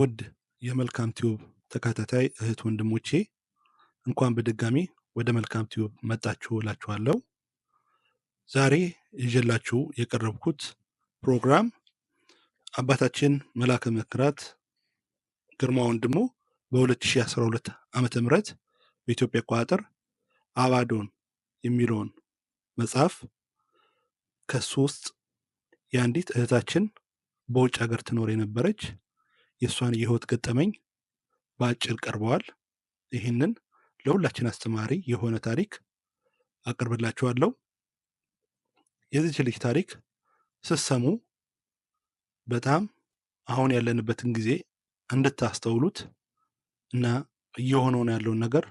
ውድ የመልካም ቲዩብ ተከታታይ እህት ወንድሞቼ እንኳን በድጋሚ ወደ መልካም ቲዩብ መጣችሁ እላችኋለሁ። ዛሬ ይዤላችሁ የቀረብኩት ፕሮግራም አባታችን መላከ መክራት ግርማ ወንድሙ በ2012 ዓ ም በኢትዮጵያ አቆጣጠር አባዶን የሚለውን መጽሐፍ ከሱ ውስጥ የአንዲት እህታችን በውጭ ሀገር ትኖር የነበረች የእሷን የህይወት ገጠመኝ በአጭር ቀርበዋል። ይህንን ለሁላችን አስተማሪ የሆነ ታሪክ አቅርብላችኋለሁ። የዚች ልጅ ታሪክ ስትሰሙ በጣም አሁን ያለንበትን ጊዜ እንድታስተውሉት እና እየሆነውን ያለውን ነገር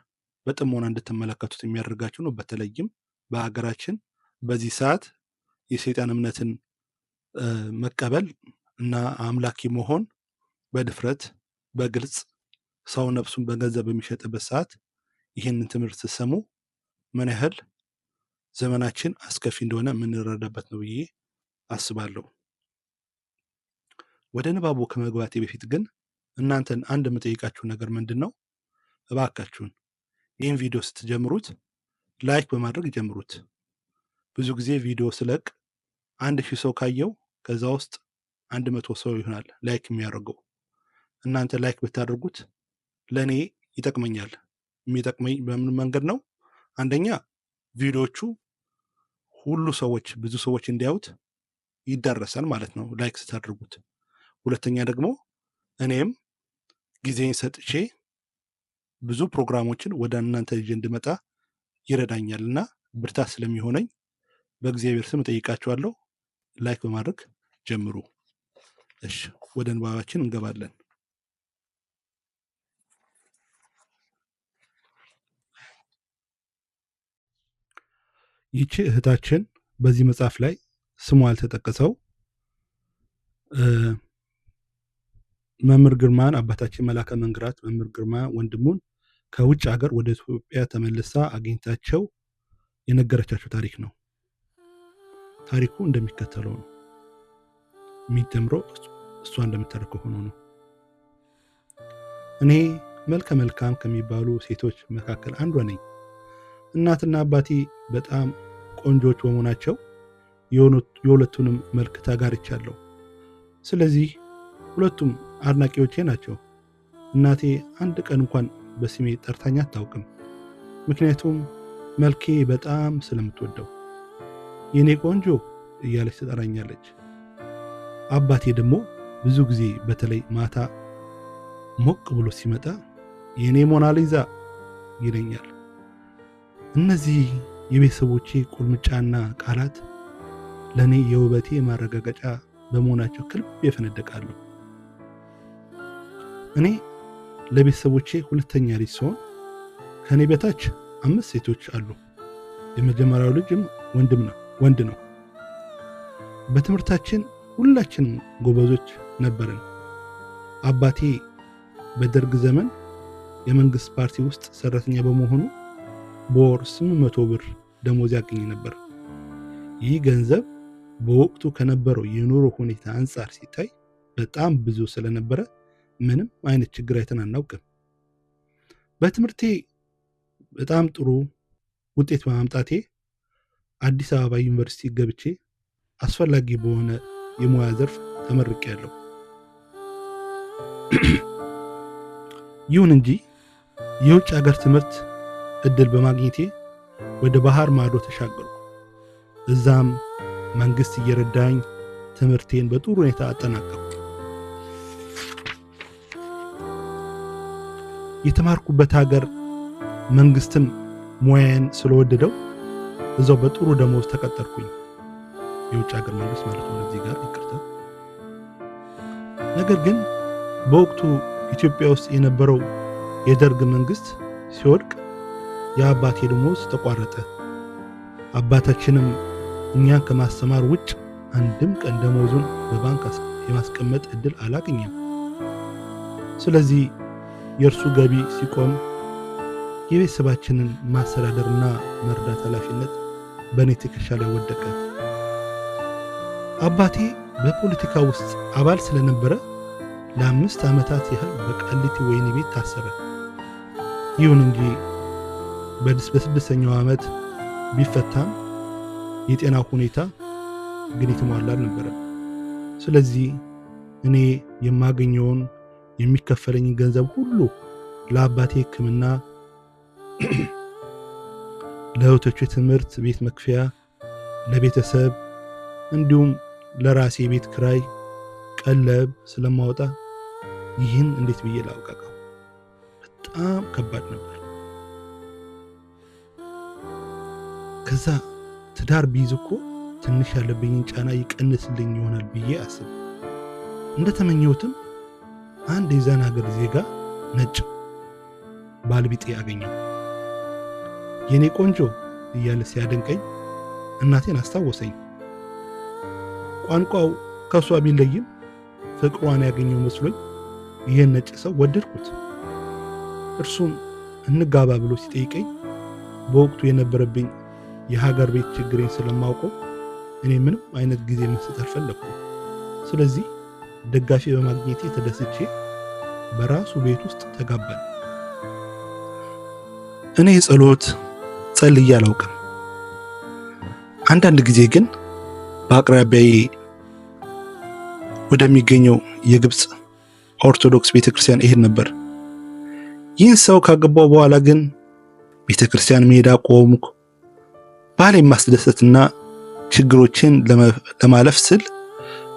በጥሞና እንድትመለከቱት የሚያደርጋችሁ ነው። በተለይም በሀገራችን በዚህ ሰዓት የሰይጣን እምነትን መቀበል እና አምላኪ መሆን በድፍረት በግልጽ ሰው ነፍሱን በገንዘብ በሚሸጥበት ሰዓት ይህንን ትምህርት ስትሰሙ ምን ያህል ዘመናችን አስከፊ እንደሆነ የምንረዳበት ነው ብዬ አስባለሁ። ወደ ንባቡ ከመግባቴ በፊት ግን እናንተን አንድ የምጠይቃችሁ ነገር ምንድን ነው? እባካችሁን ይህን ቪዲዮ ስትጀምሩት ላይክ በማድረግ ጀምሩት። ብዙ ጊዜ ቪዲዮ ስለቅ አንድ ሺህ ሰው ካየው ከዛ ውስጥ አንድ መቶ ሰው ይሆናል ላይክ የሚያደርገው። እናንተ ላይክ ብታደርጉት ለእኔ ይጠቅመኛል። የሚጠቅመኝ በምን መንገድ ነው? አንደኛ ቪዲዮቹ ሁሉ ሰዎች ብዙ ሰዎች እንዲያዩት ይዳረሳል ማለት ነው ላይክ ስታደርጉት። ሁለተኛ ደግሞ እኔም ጊዜን ሰጥቼ ብዙ ፕሮግራሞችን ወደ እናንተ ልጅ እንድመጣ ይረዳኛል እና ብርታት ስለሚሆነኝ በእግዚአብሔር ስም እጠይቃችኋለሁ። ላይክ በማድረግ ጀምሩ። እሺ፣ ወደ ንባባችን እንገባለን። ይቺ እህታችን በዚህ መጽሐፍ ላይ ስሟ ያልተጠቀሰው መምህር ግርማን አባታችን መላከ መንግራት መምህር ግርማ ወንድሙን ከውጭ ሀገር ወደ ኢትዮጵያ ተመልሳ አግኝታቸው የነገረቻቸው ታሪክ ነው። ታሪኩ እንደሚከተለው ነው። የሚጀምረው እሷ እንደምታደርገው ሆኖ ነው። እኔ መልከ መልካም ከሚባሉ ሴቶች መካከል አንዷ ነኝ። እናትና አባቴ በጣም ቆንጆች በመሆናቸው የሁለቱንም መልክ ተጋርቻለሁ። ስለዚህ ሁለቱም አድናቂዎቼ ናቸው። እናቴ አንድ ቀን እንኳን በስሜ ጠርታኝ አታውቅም። ምክንያቱም መልኬ በጣም ስለምትወደው የእኔ ቆንጆ እያለች ትጠራኛለች። አባቴ ደግሞ ብዙ ጊዜ በተለይ ማታ ሞቅ ብሎ ሲመጣ የእኔ ሞናሊዛ ይለኛል። እነዚህ የቤተሰቦቼ ቁልምጫና ቃላት ለእኔ የውበቴ ማረጋገጫ በመሆናቸው ከልቤ ይፈነደቃሉ። እኔ ለቤተሰቦቼ ሁለተኛ ልጅ ሲሆን ከእኔ በታች አምስት ሴቶች አሉ። የመጀመሪያው ልጅም ወንድም ነው ወንድ ነው። በትምህርታችን ሁላችን ጎበዞች ነበርን። አባቴ በደርግ ዘመን የመንግስት ፓርቲ ውስጥ ሰራተኛ በመሆኑ በወር 800 ብር ደሞዝ ያገኝ ነበር። ይህ ገንዘብ በወቅቱ ከነበረው የኑሮ ሁኔታ አንጻር ሲታይ በጣም ብዙ ስለነበረ ምንም አይነት ችግር አይተን አናውቅም። በትምህርቴ በጣም ጥሩ ውጤት በማምጣቴ አዲስ አበባ ዩኒቨርሲቲ ገብቼ አስፈላጊ በሆነ የሙያ ዘርፍ ተመርቄያለሁ። ይሁን እንጂ የውጭ ሀገር ትምህርት እድል በማግኘቴ ወደ ባህር ማዶ ተሻገርኩ። እዛም መንግሥት እየረዳኝ ትምህርቴን በጥሩ ሁኔታ አጠናቀቅኩ። የተማርኩበት ሀገር መንግስትም ሙያዬን ስለወደደው እዛው በጥሩ ደሞዝ ተቀጠርኩኝ። የውጭ ሀገር መንግሥት ማለት ነው እዚህ ጋር ይቅርታ። ነገር ግን በወቅቱ ኢትዮጵያ ውስጥ የነበረው የደርግ መንግስት ሲወድቅ የአባቴ ደሞዝ ተቋረጠ። አባታችንም እኛን ከማስተማር ውጭ አንድም ቀን ደሞዙን በባንክ የማስቀመጥ እድል አላገኘም። ስለዚህ የእርሱ ገቢ ሲቆም የቤተሰባችንን ማስተዳደርና መርዳት ኃላፊነት በእኔ ትከሻ ላይ ወደቀ። አባቴ በፖለቲካ ውስጥ አባል ስለነበረ ለአምስት ዓመታት ያህል በቃሊቲ ወህኒ ቤት ታሰረ። ይሁን እንጂ በስድስተኛው ዓመት ቢፈታም የጤና ሁኔታ ግን የተሟላ አልነበረም። ስለዚህ እኔ የማገኘውን የሚከፈለኝ ገንዘብ ሁሉ ለአባቴ ሕክምና፣ ለእህቶቹ ትምህርት ቤት መክፈያ፣ ለቤተሰብ እንዲሁም ለራሴ ቤት ክራይ ቀለብ ስለማወጣ ይህን እንዴት ብዬ ላውቃቀው? በጣም ከባድ ነበር። ከዛ ትዳር ቢይዝ እኮ ትንሽ ያለብኝን ጫና ይቀንስልኝ ይሆናል ብዬ አስብ። እንደተመኘሁትም አንድ የዛን ሀገር ዜጋ ነጭ ባልቢጤ አገኘው። የእኔ ቆንጆ እያለ ሲያደንቀኝ እናቴን አስታወሰኝ። ቋንቋው ከእሷ ቢለይም ፍቅሯን ያገኘው መስሎኝ ይህን ነጭ ሰው ወደድኩት። እርሱም እንጋባ ብሎ ሲጠይቀኝ በወቅቱ የነበረብኝ የሀገር ቤት ችግሬን ስለማውቀው እኔ ምንም አይነት ጊዜ መስጠት አልፈለግኩም። ስለዚህ ደጋፊ በማግኘቴ ተደስቼ በራሱ ቤት ውስጥ ተጋባን። እኔ ጸሎት ጸልዬ አላውቅም። አንዳንድ ጊዜ ግን በአቅራቢያዬ ወደሚገኘው የግብፅ ኦርቶዶክስ ቤተክርስቲያን ይሄድ ነበር። ይህን ሰው ካገባው በኋላ ግን ቤተክርስቲያን ሜዳ ቆሙ ባህል የማስደሰትና ችግሮችን ለማለፍ ስል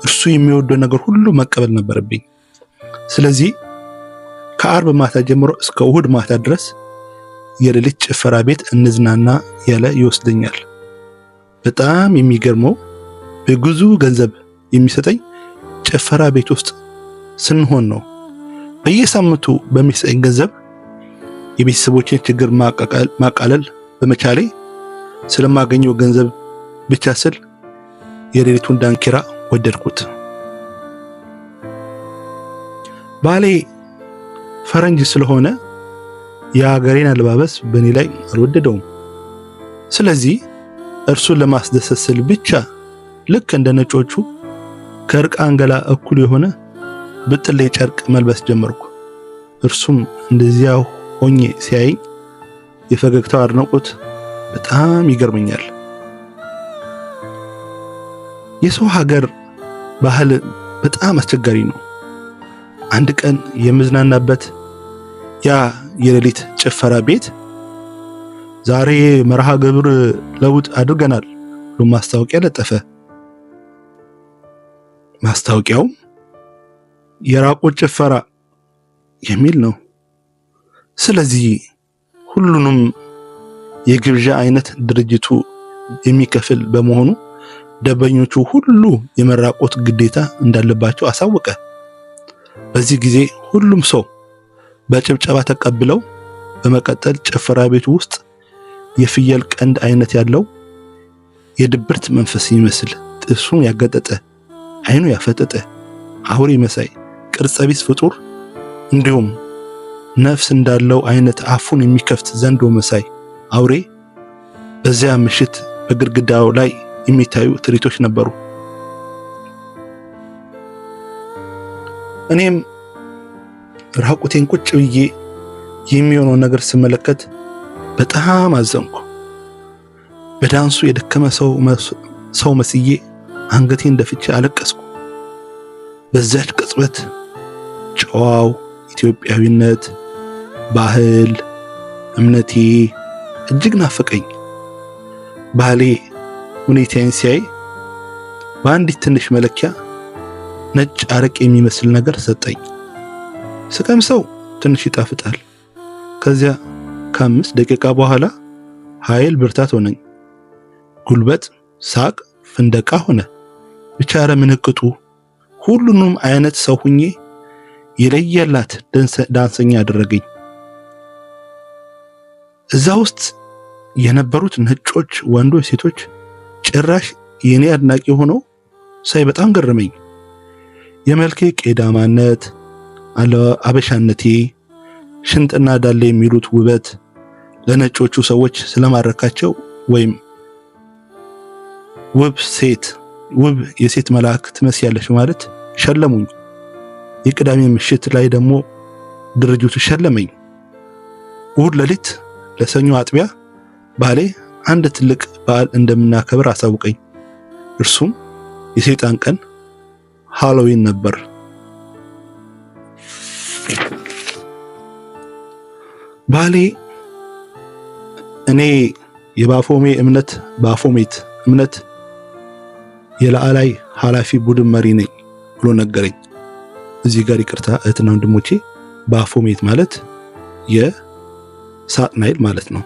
እርሱ የሚወደው ነገር ሁሉ መቀበል ነበረብኝ። ስለዚህ ከአርብ ማታ ጀምሮ እስከ እሁድ ማታ ድረስ የሌሊት ጭፈራ ቤት እንዝናና ያለ ይወስደኛል። በጣም የሚገርመው በብዙ ገንዘብ የሚሰጠኝ ጭፈራ ቤት ውስጥ ስንሆን ነው። በየሳምንቱ በሚሰጠኝ ገንዘብ የቤተሰቦችን ችግር ማቃለል በመቻሌ ስለማገኘው ገንዘብ ብቻ ስል የሌሊቱን ዳንኪራ ወደድኩት። ባሌ ፈረንጅ ስለሆነ የአገሬን አለባበስ በእኔ ላይ አልወደደውም። ስለዚህ እርሱን ለማስደሰት ስል ብቻ ልክ እንደ ነጮቹ ከእርቃን ገላ እኩል የሆነ ብጥሌ ጨርቅ መልበስ ጀመርኩ። እርሱም እንደዚያ ሆኜ ሲያየኝ የፈገግታው አድናቆት በጣም ይገርመኛል። የሰው ሀገር ባህል በጣም አስቸጋሪ ነው። አንድ ቀን የምዝናናበት ያ የሌሊት ጭፈራ ቤት ዛሬ መርሃ ግብር ለውጥ አድርገናል ብሎ ማስታወቂያ ለጠፈ። ማስታወቂያውም የራቆ ጭፈራ የሚል ነው። ስለዚህ ሁሉንም የግብዣ አይነት ድርጅቱ የሚከፍል በመሆኑ ደንበኞቹ ሁሉ የመራቆት ግዴታ እንዳለባቸው አሳወቀ። በዚህ ጊዜ ሁሉም ሰው በጭብጨባ ተቀብለው በመቀጠል ጭፈራ ቤቱ ውስጥ የፍየል ቀንድ አይነት ያለው የድብርት መንፈስ ይመስል ጥሱን ያገጠጠ አይኑ ያፈጠጠ አውሬ መሳይ ቅርጸቢስ ፍጡር እንዲሁም ነፍስ እንዳለው አይነት አፉን የሚከፍት ዘንዶ መሳይ አውሬ በዚያ ምሽት በግድግዳው ላይ የሚታዩ ትርኢቶች ነበሩ። እኔም ራቁቴን ቁጭ ብዬ የሚሆነውን ነገር ስመለከት በጣም አዘንኩ። በዳንሱ የደከመ ሰው መስዬ አንገቴን ደፍቼ አለቀስኩ። በዚያች ቅጽበት ጨዋው ኢትዮጵያዊነት፣ ባህል፣ እምነቴ እጅግ ናፈቀኝ። ባሌ ሁኔታዬን ሲያይ በአንዲት ትንሽ መለኪያ ነጭ አረቅ የሚመስል ነገር ሰጠኝ። ስቀምሰው ትንሽ ይጣፍጣል። ከዚያ ከአምስት ደቂቃ በኋላ ኃይል ብርታት ሆነኝ። ጉልበት፣ ሳቅ፣ ፍንደቃ ሆነ። ብቻረ ምንቅጡ ሁሉንም አይነት ሰው ሁኜ የለየላት ዳንሰኛ አደረገኝ። እዛ ውስጥ የነበሩት ነጮች ወንዶች፣ ሴቶች ጭራሽ የኔ አድናቂ ሆነው ሳይ በጣም ገረመኝ። የመልኬ ቄዳማነት፣ አበሻነቴ፣ ሽንጥና ዳሌ የሚሉት ውበት ለነጮቹ ሰዎች ስለማረካቸው ወይም ውብ ሴት ውብ የሴት መልአክ ትመስያለች ማለት ሸለሙኝ። የቅዳሜ ምሽት ላይ ደግሞ ድርጅቱ ሸለመኝ። እሁድ ሌሊት ለሰኞ አጥቢያ ባሌ አንድ ትልቅ በዓል እንደምናከብር አሳውቀኝ። እርሱም የሰይጣን ቀን ሃሎዊን ነበር። ባሌ እኔ የባፎሜ እምነት ባፎሜት እምነት የላዕላይ ኃላፊ ቡድን መሪ ነኝ ብሎ ነገረኝ። እዚህ ጋር ይቅርታ እህትና ወንድሞቼ ባፎሜት ማለት የ ሳጥናኤል ማለት ነው።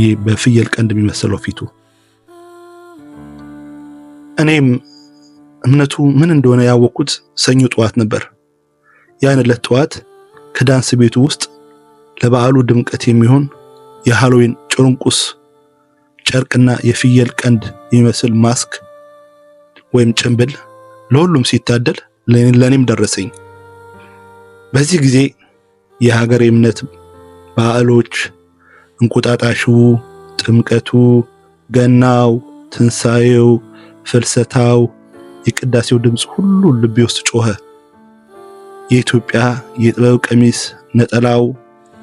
ይህ በፍየል ቀንድ የሚመስለው ፊቱ። እኔም እምነቱ ምን እንደሆነ ያወቅኩት ሰኞ ጠዋት ነበር። ያን ዕለት ጠዋት ከዳንስ ቤቱ ውስጥ ለበዓሉ ድምቀት የሚሆን የሃሎዊን ጭርንቁስ ጨርቅና የፍየል ቀንድ የሚመስል ማስክ ወይም ጭንብል ለሁሉም ሲታደል ለእኔም ደረሰኝ። በዚህ ጊዜ የሀገር እምነት በዓሎች እንቁጣጣሹ፣ ጥምቀቱ፣ ገናው፣ ትንሣኤው፣ ፍልሰታው፣ የቅዳሴው ድምፅ ሁሉ ልቤ ውስጥ ጮኸ። የኢትዮጵያ የጥበብ ቀሚስ፣ ነጠላው፣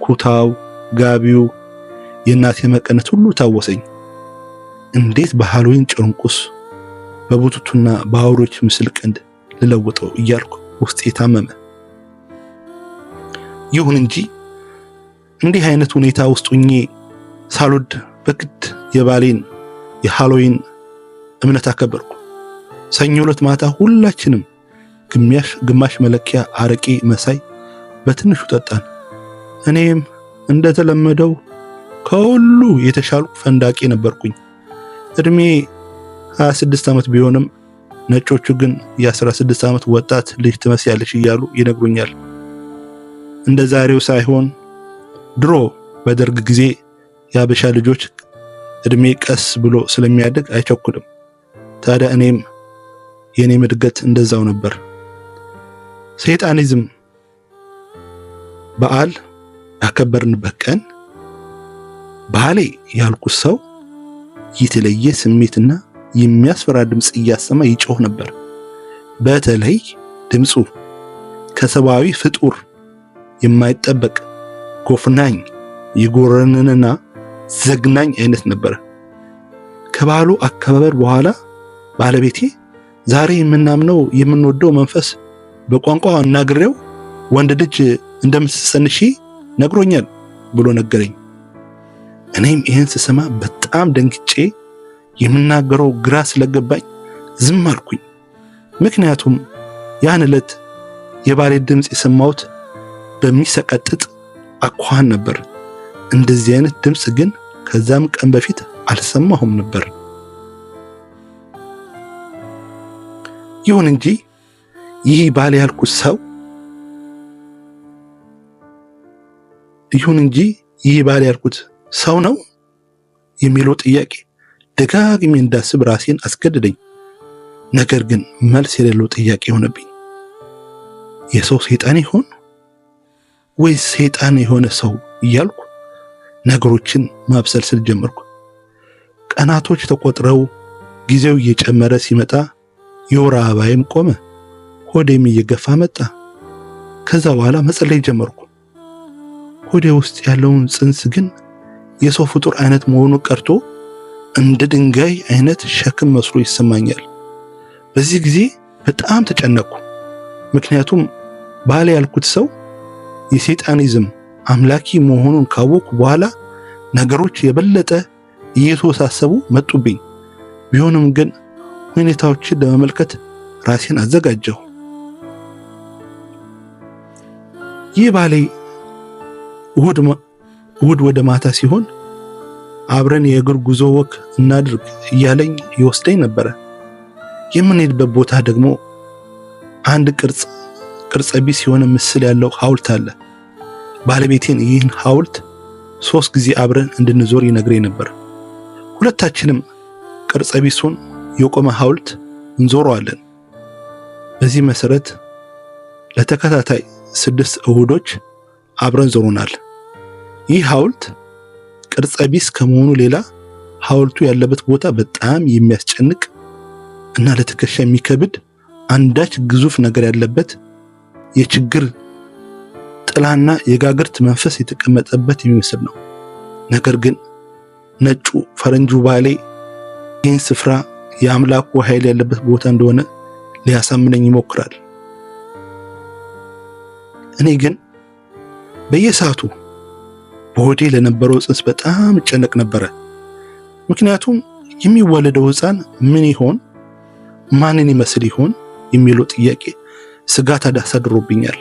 ኩታው፣ ጋቢው፣ የእናቴ መቀነት ሁሉ ታወሰኝ። እንዴት በሃሎዊን ጨርቁስ በቡቱቱና በአውሮች ምስል ቀንድ ልለውጠው እያልኩ ውስጥ የታመመ ይሁን እንጂ እንዲህ አይነት ሁኔታ ውስጥ ሁኜ ሳልወድ በግድ የባሌን የሃሎዊን እምነት አከበርኩ። ሰኞ ዕለት ማታ ሁላችንም ግማሽ መለኪያ አረቄ መሳይ በትንሹ ጠጣን። እኔም እንደተለመደው ከሁሉ የተሻልኩ ፈንዳቂ ነበርኩኝ። እድሜ 26 ዓመት ቢሆንም ነጮቹ ግን የ16 ዓመት ወጣት ልጅ ትመስያለሽ እያሉ ይነግሩኛል። እንደ ዛሬው ሳይሆን ድሮ በደርግ ጊዜ የአበሻ ልጆች እድሜ ቀስ ብሎ ስለሚያድግ አይቸኩልም። ታዲያ እኔም የእኔም እድገት እንደዛው ነበር። ሰይጣኒዝም በዓል ያከበርንበት ቀን ባህሌ ያልኩት ሰው የተለየ ስሜትና የሚያስፈራ ድምፅ እያሰማ ይጮህ ነበር። በተለይ ድምፁ ከሰብአዊ ፍጡር የማይጠበቅ ጎፍናኝ የጎረንንና ዘግናኝ አይነት ነበረ። ከባሉ አከባበር በኋላ ባለቤቴ ዛሬ የምናምነው የምንወደው መንፈስ በቋንቋ እናግሬው ወንድ ልጅ እንደምትሰንሺ ነግሮኛል ብሎ ነገረኝ። እኔም ይህን ስሰማ በጣም ደንግጬ የምናገረው ግራ ስለገባኝ ዝም አልኩኝ። ምክንያቱም ያን ዕለት የባሌ ድምፅ የሰማሁት በሚሰቀጥጥ አኳኋን ነበር። እንደዚህ አይነት ድምፅ ግን ከዛም ቀን በፊት አልሰማሁም ነበር። ይሁን እንጂ ይህ ባል ያልኩት ሰው ይሁን እንጂ ይህ ባል ያልኩት ሰው ነው የሚለው ጥያቄ ደጋግሜ እንዳስብ ራሴን አስገድደኝ። ነገር ግን መልስ የሌለው ጥያቄ ሆነብኝ። የሰው ሰይጣን ይሆን? ወይስ ሰይጣን የሆነ ሰው እያልኩ ነገሮችን ማብሰልሰል ጀመርኩ። ቀናቶች ተቆጥረው ጊዜው እየጨመረ ሲመጣ የወር አበባዬም ቆመ። ሆዴም እየገፋ መጣ። ከዛ በኋላ መጸለይ ጀመርኩ። ሆዴ ውስጥ ያለውን ጽንስ ግን የሰው ፍጡር አይነት መሆኑ ቀርቶ እንደ ድንጋይ አይነት ሸክም መስሎ ይሰማኛል። በዚህ ጊዜ በጣም ተጨነቅኩ። ምክንያቱም ባል ያልኩት ሰው የሴጣኒዝም አምላኪ መሆኑን ካወቁ በኋላ ነገሮች የበለጠ እየተወሳሰቡ መጡብኝ። ቢሆንም ግን ሁኔታዎችን ለመመልከት ራሴን አዘጋጀሁ። ይህ ባሌ እሁድ ወደ ማታ ሲሆን አብረን የእግር ጉዞ ወክ እናድርግ እያለኝ ይወስደኝ ነበረ። የምንሄድበት ቦታ ደግሞ አንድ ቅርጽ ቅርጸ ቢስ የሆነ ምስል ያለው ሐውልት አለ። ባለቤቴን ይህን ሐውልት ሶስት ጊዜ አብረን እንድንዞር ይነግረኝ ነበር። ሁለታችንም ቅርጸ ቢሱን የቆመ ሐውልት እንዞረዋለን። በዚህ መሰረት ለተከታታይ ስድስት እሁዶች አብረን ዞሮናል። ይህ ሐውልት ቅርጸ ቢስ ከመሆኑ ሌላ ሐውልቱ ያለበት ቦታ በጣም የሚያስጨንቅ እና ለትከሻ የሚከብድ አንዳች ግዙፍ ነገር ያለበት የችግር ጥላና የጋግርት መንፈስ የተቀመጠበት የሚመስል ነው። ነገር ግን ነጩ ፈረንጁ ባሌ ይህን ስፍራ የአምላኩ ኃይል ያለበት ቦታ እንደሆነ ሊያሳምነኝ ይሞክራል። እኔ ግን በየሰዓቱ በሆዴ ለነበረው ጽንስ በጣም እጨነቅ ነበረ። ምክንያቱም የሚወለደው ሕፃን ምን ይሆን፣ ማንን ይመስል ይሆን የሚለው ጥያቄ ስጋት አሳድሮብኛል።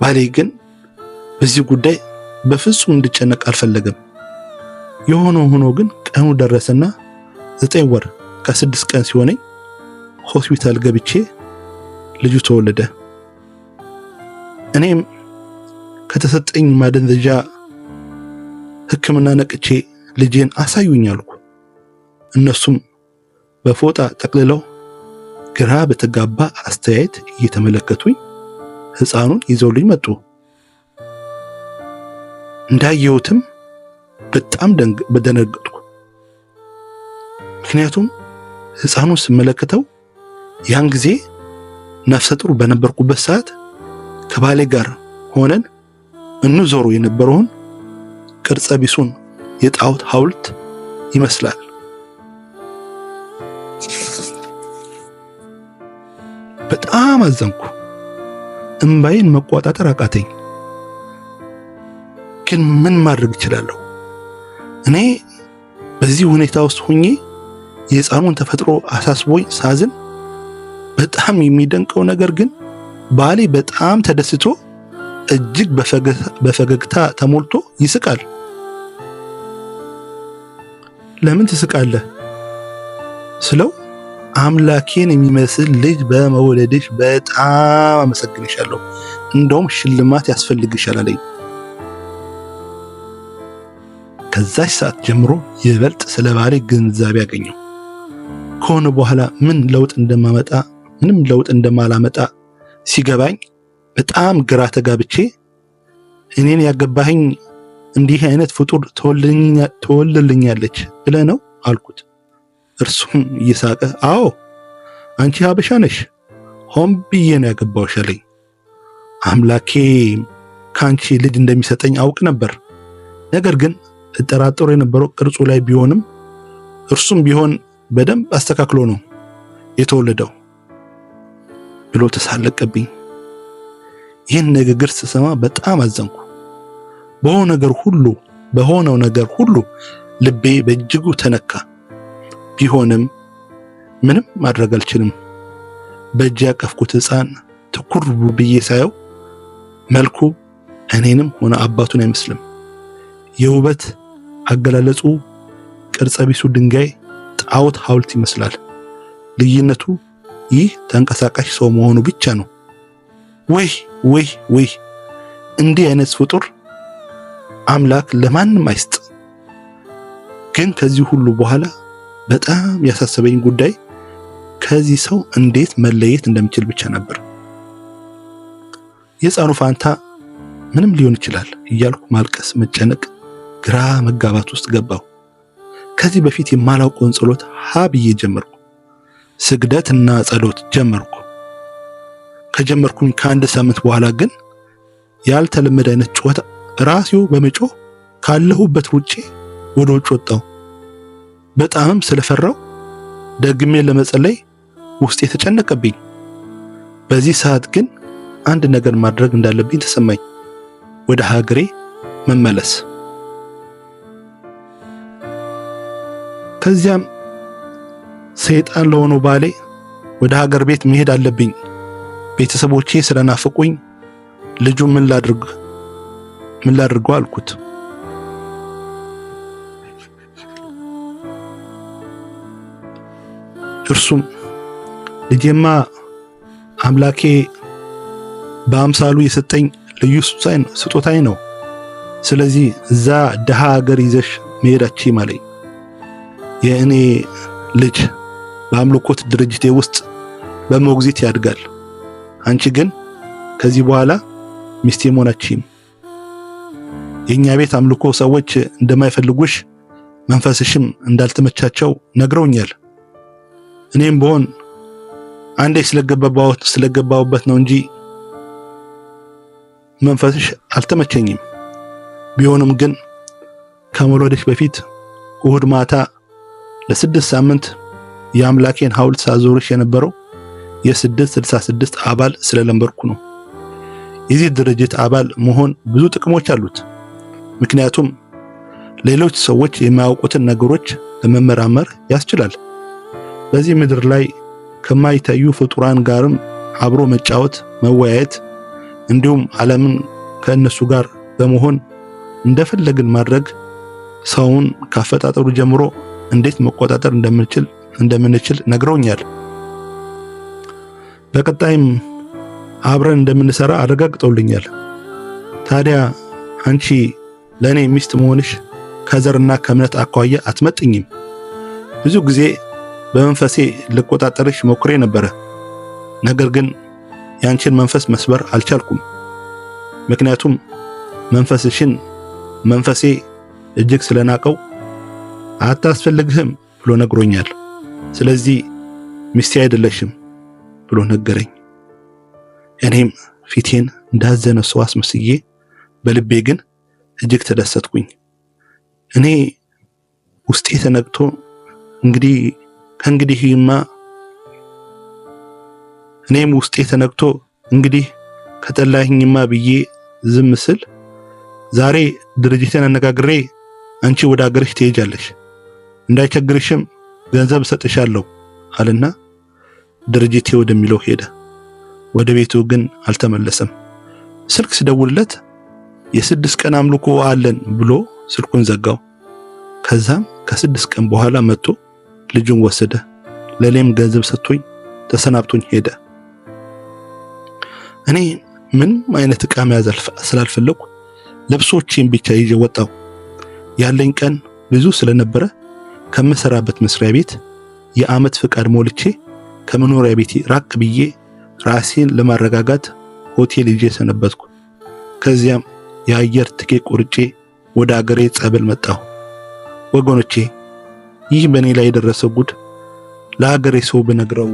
ባሌ ግን በዚህ ጉዳይ በፍጹም እንድጨነቅ አልፈለገም። የሆነ ሆኖ ግን ቀኑ ደረሰና ዘጠኝ ወር ከስድስት ቀን ሲሆነኝ ሆስፒታል ገብቼ ልጁ ተወለደ። እኔም ከተሰጠኝ ማደንዘዣ ሕክምና ነቅቼ ልጄን አሳዩኝ አልኩ። እነሱም በፎጣ ጠቅልለው ግራ በተጋባ አስተያየት እየተመለከቱኝ ሕፃኑን ይዘውልኝ መጡ። እንዳየሁትም በጣም በደነገጥኩ። ምክንያቱም ሕፃኑን ስመለከተው ያን ጊዜ ነፍሰ ጡር በነበርኩበት ሰዓት ከባሌ ጋር ሆነን እንዞሩ የነበረውን ቅርጸ ቢሱን የጣዖት ሐውልት ይመስላል። በጣም አዘንኩ። እምባዬን መቆጣጠር አቃተኝ። ግን ምን ማድረግ እችላለሁ? እኔ በዚህ ሁኔታ ውስጥ ሁኜ የሕፃኑን ተፈጥሮ አሳስቦኝ ሳዝን፣ በጣም የሚደንቀው ነገር ግን ባሌ በጣም ተደስቶ እጅግ በፈገግታ ተሞልቶ ይስቃል። ለምን ትስቃለህ ስለው አምላኬን የሚመስል ልጅ በመወለድሽ በጣም አመሰግንሻለሁ። እንደውም ሽልማት ያስፈልግሻል አለኝ። ከዛች ሰዓት ጀምሮ ይበልጥ ስለ ባሌ ግንዛቤ አገኘው። ከሆነ በኋላ ምን ለውጥ እንደማመጣ ምንም ለውጥ እንደማላመጣ ሲገባኝ በጣም ግራ ተጋብቼ እኔን ያገባህኝ እንዲህ አይነት ፍጡር ተወልልኛለች ብለህ ነው አልኩት። እርሱም እየሳቀ አዎ አንቺ ሀበሻ ነሽ፣ ሆን ብዬ ነው አለኝ። አምላኬ ከአንቺ ልጅ እንደሚሰጠኝ አውቅ ነበር። ነገር ግን እጠራጠሮ የነበረው ቅርጹ ላይ ቢሆንም እርሱም ቢሆን በደንብ አስተካክሎ ነው የተወለደው ብሎ ተሳለቀብኝ። ይህን ንግግር ስሰማ በጣም አዘንኩ። በሆነ ነገር ሁሉ በሆነው ነገር ሁሉ ልቤ በእጅጉ ተነካ። ቢሆንም ምንም ማድረግ አልችልም። በእጅ ያቀፍኩት ህፃን ትኩር ብዬ ሳየው መልኩ እኔንም ሆነ አባቱን አይመስልም። የውበት አገላለጹ ቅርጸ ቢሱ ድንጋይ ጣዖት ሐውልት ይመስላል። ልዩነቱ ይህ ተንቀሳቃሽ ሰው መሆኑ ብቻ ነው። ወይ ወይ ወይ! እንዲህ አይነት ፍጡር አምላክ ለማንም አይስጥ። ግን ከዚህ ሁሉ በኋላ በጣም ያሳሰበኝ ጉዳይ ከዚህ ሰው እንዴት መለየት እንደምችል ብቻ ነበር። የጻኑ ፋንታ ምንም ሊሆን ይችላል እያልኩ ማልቀስ፣ መጨነቅ፣ ግራ መጋባት ውስጥ ገባሁ። ከዚህ በፊት የማላውቀውን ጸሎት ሀ ብዬ ጀመርኩ። ስግደት እና ጸሎት ጀመርኩ። ከጀመርኩኝ ከአንድ ሳምንት በኋላ ግን ያልተለመደ አይነት ጩኸት ራሴው በመጮህ ካለሁበት ውጪ ወደ ውጭ ወጣሁ። በጣምም ስለፈራው ደግሜ ለመጸለይ ውስጤ ተጨነቀብኝ። በዚህ ሰዓት ግን አንድ ነገር ማድረግ እንዳለብኝ ተሰማኝ፣ ወደ ሀገሬ መመለስ። ከዚያም ሰይጣን ለሆነው ባሌ ወደ ሀገር ቤት መሄድ አለብኝ፣ ቤተሰቦቼ ስለናፍቁኝ ልጁ ምን ላድርግ ምን ላድርገው አልኩት። እርሱም ልጄማ አምላኬ በአምሳሉ የሰጠኝ ልዩ ስጦታዬ ነው፣ ስለዚህ እዛ ድሃ ሀገር ይዘሽ መሄዳች ማለኝ። የእኔ ልጅ በአምልኮት ድርጅቴ ውስጥ በሞግዚት ያድጋል። አንቺ ግን ከዚህ በኋላ ሚስቴ መሆናችም የእኛ ቤት አምልኮ ሰዎች እንደማይፈልጉሽ መንፈስሽም እንዳልተመቻቸው ነግረውኛል። እኔም ብሆን አንዴ ስለገባሁበት ነው እንጂ መንፈስሽ አልተመቸኝም። ቢሆንም ግን ከመውለድሽ በፊት እሁድ ማታ ለስድስት ሳምንት የአምላኬን ሐውልት ሳዞርሽ የነበረው የስድስት ስልሳ ስድስት አባል ስለነበርኩ ነው። የዚህ ድርጅት አባል መሆን ብዙ ጥቅሞች አሉት። ምክንያቱም ሌሎች ሰዎች የማያውቁትን ነገሮች ለመመራመር ያስችላል። በዚህ ምድር ላይ ከማይታዩ ፍጡራን ጋርም አብሮ መጫወት፣ መወያየት እንዲሁም ዓለምን ከእነሱ ጋር በመሆን እንደፈለግን ማድረግ ሰውን ካፈጣጠሩ ጀምሮ እንዴት መቆጣጠር እንደምንችል እንደምንችል ነግረውኛል። በቀጣይም አብረን እንደምንሰራ አረጋግጠውልኛል። ታዲያ አንቺ ለእኔ ሚስት መሆንሽ ከዘርና ከእምነት አኳያ አትመጥኝም። ብዙ ጊዜ በመንፈሴ ልቆጣጠርሽ ሞክሬ ነበረ። ነገር ግን ያንቺን መንፈስ መስበር አልቻልኩም። ምክንያቱም መንፈስሽን መንፈሴ እጅግ ስለናቀው አታስፈልግህም ብሎ ነግሮኛል። ስለዚህ ሚስቴ አይደለሽም ብሎ ነገረኝ። እኔም ፊቴን እንዳዘነ ሰው አስመስዬ በልቤ ግን እጅግ ተደሰትኩኝ። እኔ ውስጤ ተነቅቶ እንግዲህ ይማ እኔም ውስጤ ተነክቶ እንግዲህ ከጠላህኝማ ብዬ ዝም ስል ዛሬ ድርጅቴን አነጋግሬ አንቺ ወደ አገርሽ ትሄጃለሽ፣ እንዳይቸግርሽም ገንዘብ ሰጥሻለሁ አለና ድርጅቴ ወደሚለው ሄደ። ወደ ቤቱ ግን አልተመለሰም። ስልክ ስደውልለት የስድስት ቀን አምልኮ አለን ብሎ ስልኩን ዘጋው። ከዛም ከስድስት ቀን በኋላ መጥቶ ልጁን ወሰደ። ለእኔም ገንዘብ ሰጥቶኝ ተሰናብቶኝ ሄደ። እኔ ምንም አይነት ዕቃ መያዝ ስላልፈለኩ ልብሶቼን ብቻ ይዤ ወጣሁ። ያለኝ ቀን ብዙ ስለነበረ ከምሰራበት መስሪያ ቤት የአመት ፍቃድ ሞልቼ ከመኖሪያ ቤቴ ራቅ ብዬ ራሴን ለማረጋጋት ሆቴል ይዤ ሰነበትኩ። ከዚያም የአየር ትኬት ቁርጬ ወደ አገሬ ጸበል መጣሁ። ወገኖቼ ይህ በእኔ ላይ የደረሰ ጉድ ለሀገሬ ሰው ብነግረው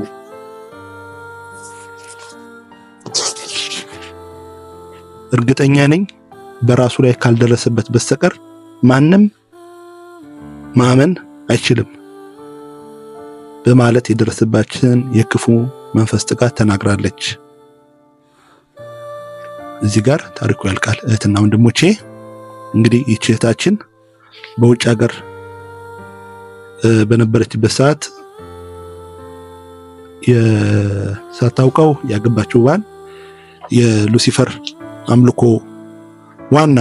እርግጠኛ ነኝ በራሱ ላይ ካልደረሰበት በስተቀር ማንም ማመን አይችልም በማለት የደረሰባችን የክፉ መንፈስ ጥቃት ተናግራለች። እዚህ ጋር ታሪኩ ያልቃል። እህትና ወንድሞቼ እንግዲህ ይህች እህታችን በውጭ ሀገር በነበረችበት ሰዓት ሳታውቀው ያገባችው ባል የሉሲፈር አምልኮ ዋና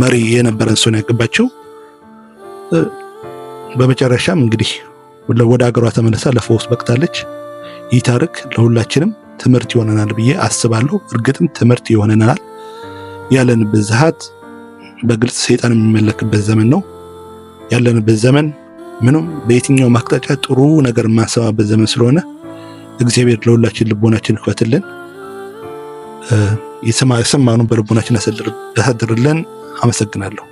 መሪ የነበረ እሱን ያገባችው። በመጨረሻም እንግዲህ ወደ ሀገሯ ተመለሳ ለፈውስ በቅታለች። ይህ ታሪክ ለሁላችንም ትምህርት ይሆነናል ብዬ አስባለሁ። እርግጥም ትምህርት ይሆነናል። ያለንበት ሰዓት በግልጽ ሰይጣን የሚመለክበት ዘመን ነው። ያለንበት ዘመን ምንም በየትኛው ማቅጣጫ ጥሩ ነገር የማንሰማበት ዘመን ስለሆነ እግዚአብሔር ለሁላችን ልቦናችን ይክፈትልን፣ የሰማኑን በልቦናችን ያሳድርልን። አመሰግናለሁ።